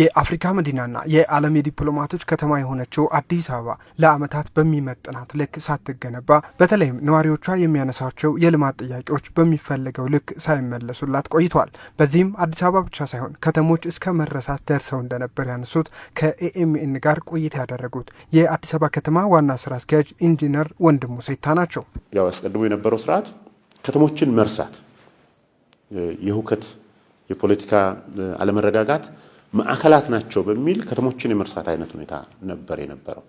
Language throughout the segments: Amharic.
የአፍሪካ መዲናና የዓለም የዲፕሎማቶች ከተማ የሆነችው አዲስ አበባ ለዓመታት በሚመጥናት ልክ ሳትገነባ በተለይም ነዋሪዎቿ የሚያነሳቸው የልማት ጥያቄዎች በሚፈለገው ልክ ሳይመለሱላት ቆይቷል። በዚህም አዲስ አበባ ብቻ ሳይሆን ከተሞች እስከ መረሳት ደርሰው እንደነበር ያነሱት ከኤኤምኤን ጋር ቆይታ ያደረጉት የአዲስ አበባ ከተማ ዋና ስራ አስኪያጅ ኢንጂነር ወንድሙ ሴታ ናቸው። ያው አስቀድሞ የነበረው ስርዓት ከተሞችን መርሳት፣ የሁከት፣ የፖለቲካ አለመረጋጋት ማዕከላት ናቸው በሚል ከተሞችን የመርሳት አይነት ሁኔታ ነበር የነበረው።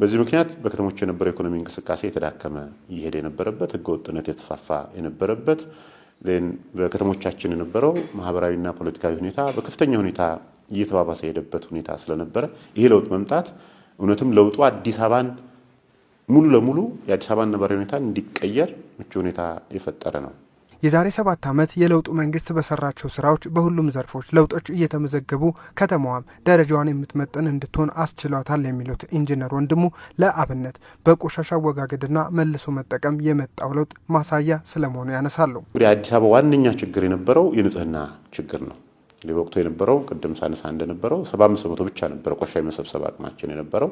በዚህ ምክንያት በከተሞች የነበረው የኢኮኖሚ እንቅስቃሴ የተዳከመ እየሄደ የነበረበት፣ ህገወጥነት የተስፋፋ የነበረበት፣ በከተሞቻችን የነበረው ማህበራዊና ፖለቲካዊ ሁኔታ በከፍተኛ ሁኔታ እየተባባሰ የሄደበት ሁኔታ ስለነበረ ይሄ ለውጥ መምጣት እውነትም ለውጡ አዲስ አበባን ሙሉ ለሙሉ የአዲስ አበባን ነባራዊ ሁኔታ እንዲቀየር ምቹ ሁኔታ የፈጠረ ነው። የዛሬ ሰባት ዓመት የለውጡ መንግስት በሰራቸው ስራዎች በሁሉም ዘርፎች ለውጦች እየተመዘገቡ ከተማዋም ደረጃዋን የምትመጠን እንድትሆን አስችሏታል የሚሉት ኢንጂነር ወንድሙ ለአብነት በቆሻሻ አወጋገድና መልሶ መጠቀም የመጣው ለውጥ ማሳያ ስለመሆኑ ያነሳሉ። አዲስ አበባ ዋነኛ ችግር የነበረው የንጽህና ችግር ነው። በወቅቱ የነበረው ቅድም ሳነሳ እንደነበረው ሰባ አምስት በመቶ ብቻ ነበረ ቆሻ የመሰብሰብ አቅማችን የነበረው።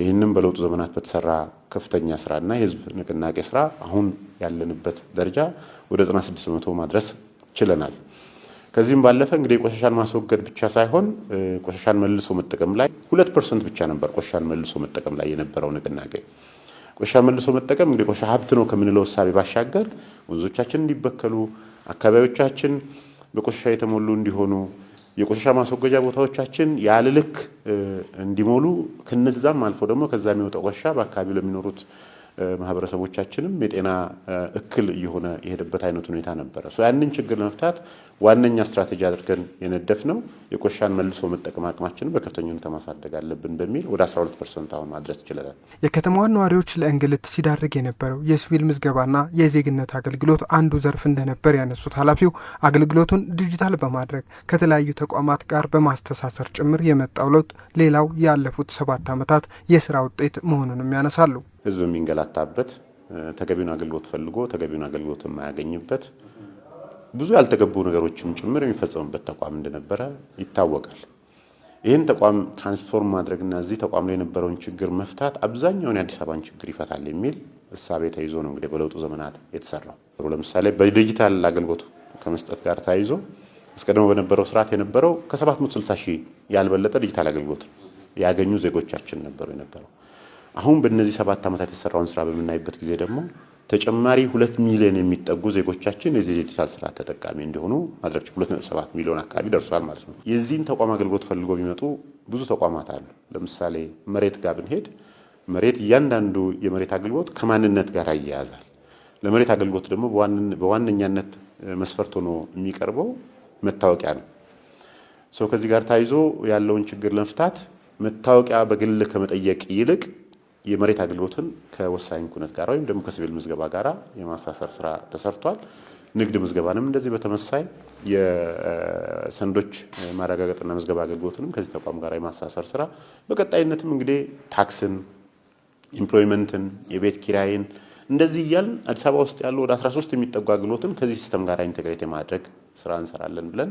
ይህንም በለውጡ ዘመናት በተሰራ ከፍተኛ ስራና የህዝብ ንቅናቄ ስራ አሁን ያለንበት ደረጃ ወደ 96 በመቶ ማድረስ ችለናል። ከዚህም ባለፈ እንግዲህ ቆሻሻን ማስወገድ ብቻ ሳይሆን ቆሻሻን መልሶ መጠቀም ላይ ሁለት ፐርሰንት ብቻ ነበር ቆሻን መልሶ መጠቀም ላይ የነበረው ንቅናቄ። ቆሻ መልሶ መጠቀም እንግዲህ ቆሻ ሀብት ነው ከምንለው እሳቤ ባሻገር ወንዞቻችን እንዲበከሉ አካባቢዎቻችን በቆሻሻ የተሞሉ እንዲሆኑ የቆሻሻ ማስወገጃ ቦታዎቻችን ያለ ልክ እንዲሞሉ ከነዛም አልፎ ደግሞ ከዛ የሚወጣ ቆሻሻ በአካባቢው ለሚኖሩት ማህበረሰቦቻችንም የጤና እክል እየሆነ የሄደበት አይነት ሁኔታ ነበረ። ያንን ችግር ለመፍታት ዋነኛ ስትራቴጂ አድርገን የነደፍ ነው የቆሻን መልሶ መጠቀም አቅማችንን በከፍተኛ ሁኔታ ማሳደግ አለብን በሚል ወደ 12 ፐርሰንት አሁን ማድረስ ችለናል። የከተማዋን ነዋሪዎች ለእንግልት ሲዳርግ የነበረው የሲቪል ምዝገባና የዜግነት አገልግሎት አንዱ ዘርፍ እንደነበር ያነሱት ኃላፊው አገልግሎቱን ዲጂታል በማድረግ ከተለያዩ ተቋማት ጋር በማስተሳሰር ጭምር የመጣው ለውጥ ሌላው ያለፉት ሰባት ዓመታት የስራ ውጤት መሆኑንም ያነሳሉ። ህዝብ የሚንገላታበት ተገቢውን አገልግሎት ፈልጎ ተገቢውን አገልግሎት የማያገኝበት ብዙ ያልተገቡ ነገሮችም ጭምር የሚፈጸሙበት ተቋም እንደነበረ ይታወቃል። ይህን ተቋም ትራንስፎርም ማድረግና እዚህ ተቋም ላይ የነበረውን ችግር መፍታት አብዛኛውን የአዲስ አበባን ችግር ይፈታል የሚል እሳቤ ተይዞ ነው እንግዲህ በለውጡ ዘመናት የተሰራው። ለምሳሌ በዲጂታል አገልግሎት ከመስጠት ጋር ተያይዞ አስቀድሞ በነበረው ስርዓት የነበረው ከ760 ሺህ ያልበለጠ ዲጂታል አገልግሎት ያገኙ ዜጎቻችን ነበሩ የነበረው አሁን በእነዚህ ሰባት ዓመታት የተሰራውን ስራ በምናይበት ጊዜ ደግሞ ተጨማሪ ሁለት ሚሊዮን የሚጠጉ ዜጎቻችን የዚህ ዲጂታል ስራ ተጠቃሚ እንዲሆኑ ማድረግ ሁለት ነጥብ ሰባት ሚሊዮን አካባቢ ደርሷል ማለት ነው። የዚህን ተቋም አገልግሎት ፈልጎ የሚመጡ ብዙ ተቋማት አሉ። ለምሳሌ መሬት ጋር ብንሄድ መሬት እያንዳንዱ የመሬት አገልግሎት ከማንነት ጋር ይያያዛል። ለመሬት አገልግሎት ደግሞ በዋነኛነት መስፈርት ሆኖ የሚቀርበው መታወቂያ ነው። ሰው ከዚህ ጋር ተያይዞ ያለውን ችግር ለመፍታት መታወቂያ በግል ከመጠየቅ ይልቅ የመሬት አገልግሎትን ከወሳኝ ኩነት ጋር ወይም ደግሞ ከሲቪል ምዝገባ ጋር የማሳሰር ስራ ተሰርቷል። ንግድ ምዝገባንም እንደዚህ በተመሳይ የሰነዶች ማረጋገጥና ምዝገባ አገልግሎትንም ከዚህ ተቋም ጋር የማሳሰር ስራ በቀጣይነትም እንግዲህ ታክስን፣ ኢምፕሎይመንትን፣ የቤት ኪራይን እንደዚህ እያልን አዲስ አበባ ውስጥ ያሉ ወደ 13 የሚጠጉ አገልግሎትን ከዚህ ሲስተም ጋር ኢንቴግሬት የማድረግ ስራ እንሰራለን ብለን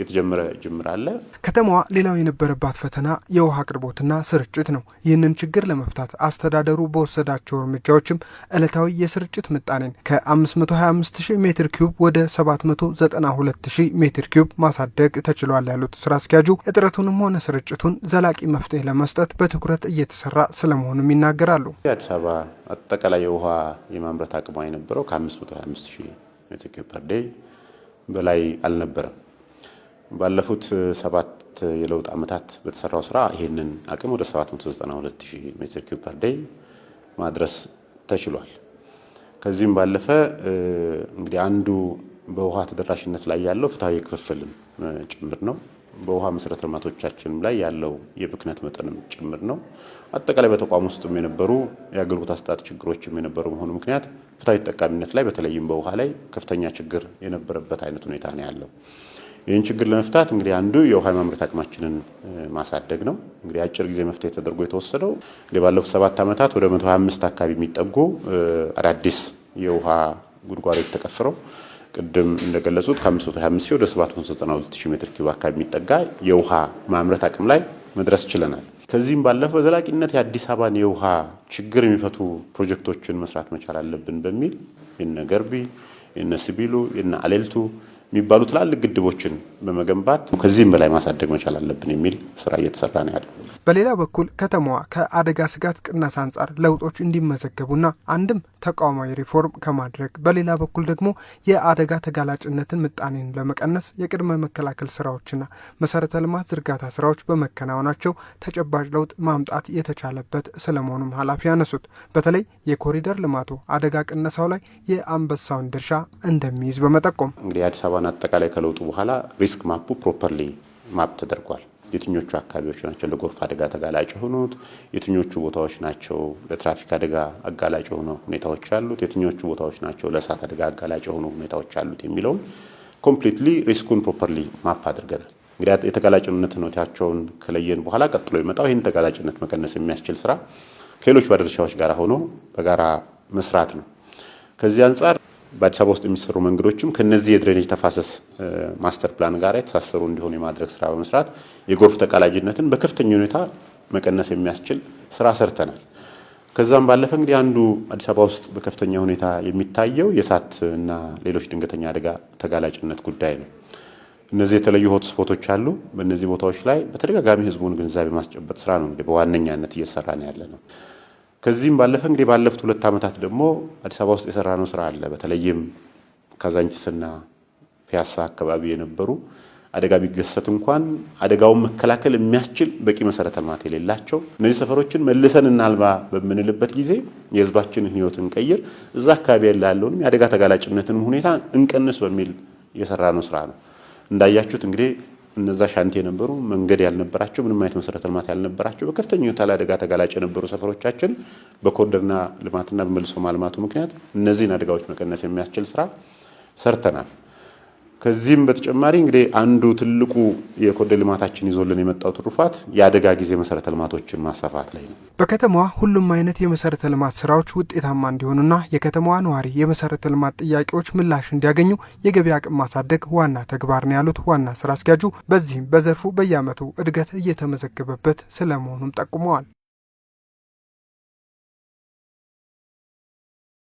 የተጀመረ ጅምር አለ። ከተማዋ ሌላው የነበረባት ፈተና የውሃ አቅርቦትና ስርጭት ነው። ይህንን ችግር ለመፍታት አስተዳደሩ በወሰዳቸው እርምጃዎችም ዕለታዊ የስርጭት ምጣኔን ከ525 ሜትር ኪዩብ ወደ 792 ሜትር ኪዩብ ማሳደግ ተችሏል ያሉት ስራ አስኪያጁ እጥረቱንም ሆነ ስርጭቱን ዘላቂ መፍትሄ ለመስጠት በትኩረት እየተሰራ ስለመሆኑም ይናገራሉ። የአዲስ አበባ አጠቃላይ የውሃ የማምረት አቅሟ የነበረው ከ525 ሜትር ኪዩብ ፐር ዴይ በላይ አልነበረም። ባለፉት ሰባት የለውጥ ዓመታት በተሰራው ስራ ይህንን አቅም ወደ 792 ሜትር ኪዩብ ፐር ዴይ ማድረስ ተችሏል። ከዚህም ባለፈ እንግዲህ አንዱ በውሃ ተደራሽነት ላይ ያለው ፍትሐዊ ክፍፍልም ጭምር ነው። በውሃ መሰረተ ልማቶቻችንም ላይ ያለው የብክነት መጠንም ጭምር ነው። አጠቃላይ በተቋም ውስጥም የነበሩ የአገልግሎት አሰጣጥ ችግሮችም የነበሩ መሆኑ ምክንያት ፍትሐዊ ተጠቃሚነት ላይ በተለይም በውሃ ላይ ከፍተኛ ችግር የነበረበት አይነት ሁኔታ ነው ያለው። ይህን ችግር ለመፍታት እንግዲህ አንዱ የውሃ ማምረት አቅማችንን ማሳደግ ነው። እንግዲህ አጭር ጊዜ መፍትሄ ተደርጎ የተወሰደው እንግዲህ ባለፉት ሰባት ዓመታት ወደ 125 አካባቢ የሚጠጉ አዳዲስ የውሃ ጉድጓዶች ተቀስረው ቅድም እንደገለጹት ከ525 ሺህ ወደ 792 ሜትር ኪዩብ አካባቢ የሚጠጋ የውሃ ማምረት አቅም ላይ መድረስ ችለናል። ከዚህም ባለፈ በዘላቂነት የአዲስ አበባን የውሃ ችግር የሚፈቱ ፕሮጀክቶችን መስራት መቻል አለብን በሚል የነ ገርቢ የነ ሲቢሉ የነ አሌልቱ የሚባሉ ትላልቅ ግድቦችን በመገንባት ከዚህም በላይ ማሳደግ መቻል አለብን የሚል ስራ እየተሰራ ነው ያለው። በሌላ በኩል ከተማዋ ከአደጋ ስጋት ቅነሳ አንጻር ለውጦች እንዲመዘገቡና አንድም ተቋማዊ ሪፎርም ከማድረግ በሌላ በኩል ደግሞ የአደጋ ተጋላጭነትን ምጣኔን ለመቀነስ የቅድመ መከላከል ስራዎችና መሰረተ ልማት ዝርጋታ ስራዎች በመከናወናቸው ተጨባጭ ለውጥ ማምጣት የተቻለበት ስለመሆኑም ኃላፊ ያነሱት በተለይ የኮሪደር ልማቱ አደጋ ቅነሳው ላይ የአንበሳውን ድርሻ እንደሚይዝ በመጠቆም እንግዲህ አዲስ አበባን አጠቃላይ ከለውጡ በኋላ ሪስክ ማፑ ፕሮፐርሊ ማፕ ተደርጓል። የትኞቹ አካባቢዎች ናቸው ለጎርፍ አደጋ ተጋላጭ የሆኑት፣ የትኞቹ ቦታዎች ናቸው ለትራፊክ አደጋ አጋላጭ የሆኑ ሁኔታዎች አሉት፣ የትኞቹ ቦታዎች ናቸው ለእሳት አደጋ አጋላጭ የሆኑ ሁኔታዎች አሉት የሚለውን ኮምፕሊትሊ ሪስኩን ፕሮፐርሊ ማፕ አድርገናል። እንግዲህ የተጋላጭነት ሁኔታቸውን ከለየን በኋላ ቀጥሎ የመጣው ይህን ተጋላጭነት መቀነስ የሚያስችል ስራ ከሌሎች ባለድርሻዎች ጋር ሆኖ በጋራ መስራት ነው። ከዚህ አንጻር በአዲስ አበባ ውስጥ የሚሰሩ መንገዶችም ከነዚህ የድሬኔጅ ተፋሰስ ማስተር ፕላን ጋር የተሳሰሩ እንዲሆኑ የማድረግ ስራ በመስራት የጎርፍ ተቃላጅነትን በከፍተኛ ሁኔታ መቀነስ የሚያስችል ስራ ሰርተናል። ከዛም ባለፈ እንግዲህ አንዱ አዲስ አበባ ውስጥ በከፍተኛ ሁኔታ የሚታየው የእሳት እና ሌሎች ድንገተኛ አደጋ ተጋላጭነት ጉዳይ ነው። እነዚህ የተለዩ ሆት ስፖቶች አሉ። በእነዚህ ቦታዎች ላይ በተደጋጋሚ ህዝቡን ግንዛቤ ማስጨበጥ ስራ ነው እንግዲህ በዋነኛነት እየሰራ ነው ያለ ነው። ከዚህም ባለፈ እንግዲህ ባለፉት ሁለት ዓመታት ደግሞ አዲስ አበባ ውስጥ የሰራነው ስራ አለ። በተለይም ከዛንችስና ፒያሳ አካባቢ የነበሩ አደጋ ቢገሰት እንኳን አደጋውን መከላከል የሚያስችል በቂ መሰረተ ልማት የሌላቸው እነዚህ ሰፈሮችን መልሰን እናልማ በምንልበት ጊዜ የህዝባችንን ህይወት እንቀይር፣ እዛ አካባቢ ያለውንም የአደጋ ተጋላጭነትንም ሁኔታ እንቀንስ በሚል የሰራነው ስራ ነው። እንዳያችሁት እንግዲህ እነዛ ሻንቲ የነበሩ መንገድ ያልነበራቸው ምንም አይነት መሰረተ ልማት ያልነበራቸው በከፍተኛ ሁኔታ ለአደጋ ተጋላጭ የነበሩ ሰፈሮቻችን በኮሪደርና ልማትና በመልሶ ማልማቱ ምክንያት እነዚህን አደጋዎች መቀነስ የሚያስችል ስራ ሰርተናል። ከዚህም በተጨማሪ እንግዲህ አንዱ ትልቁ የኮሪደር ልማታችን ይዞልን የመጣው ትሩፋት የአደጋ ጊዜ መሰረተ ልማቶችን ማስፋፋት ላይ ነው። በከተማዋ ሁሉም አይነት የመሰረተ ልማት ስራዎች ውጤታማ እንዲሆኑና የከተማዋ ነዋሪ የመሰረተ ልማት ጥያቄዎች ምላሽ እንዲያገኙ የገበያ አቅም ማሳደግ ዋና ተግባር ነው ያሉት ዋና ስራ አስኪያጁ፣ በዚህም በዘርፉ በየአመቱ እድገት እየተመዘገበበት ስለመሆኑም ጠቁመዋል።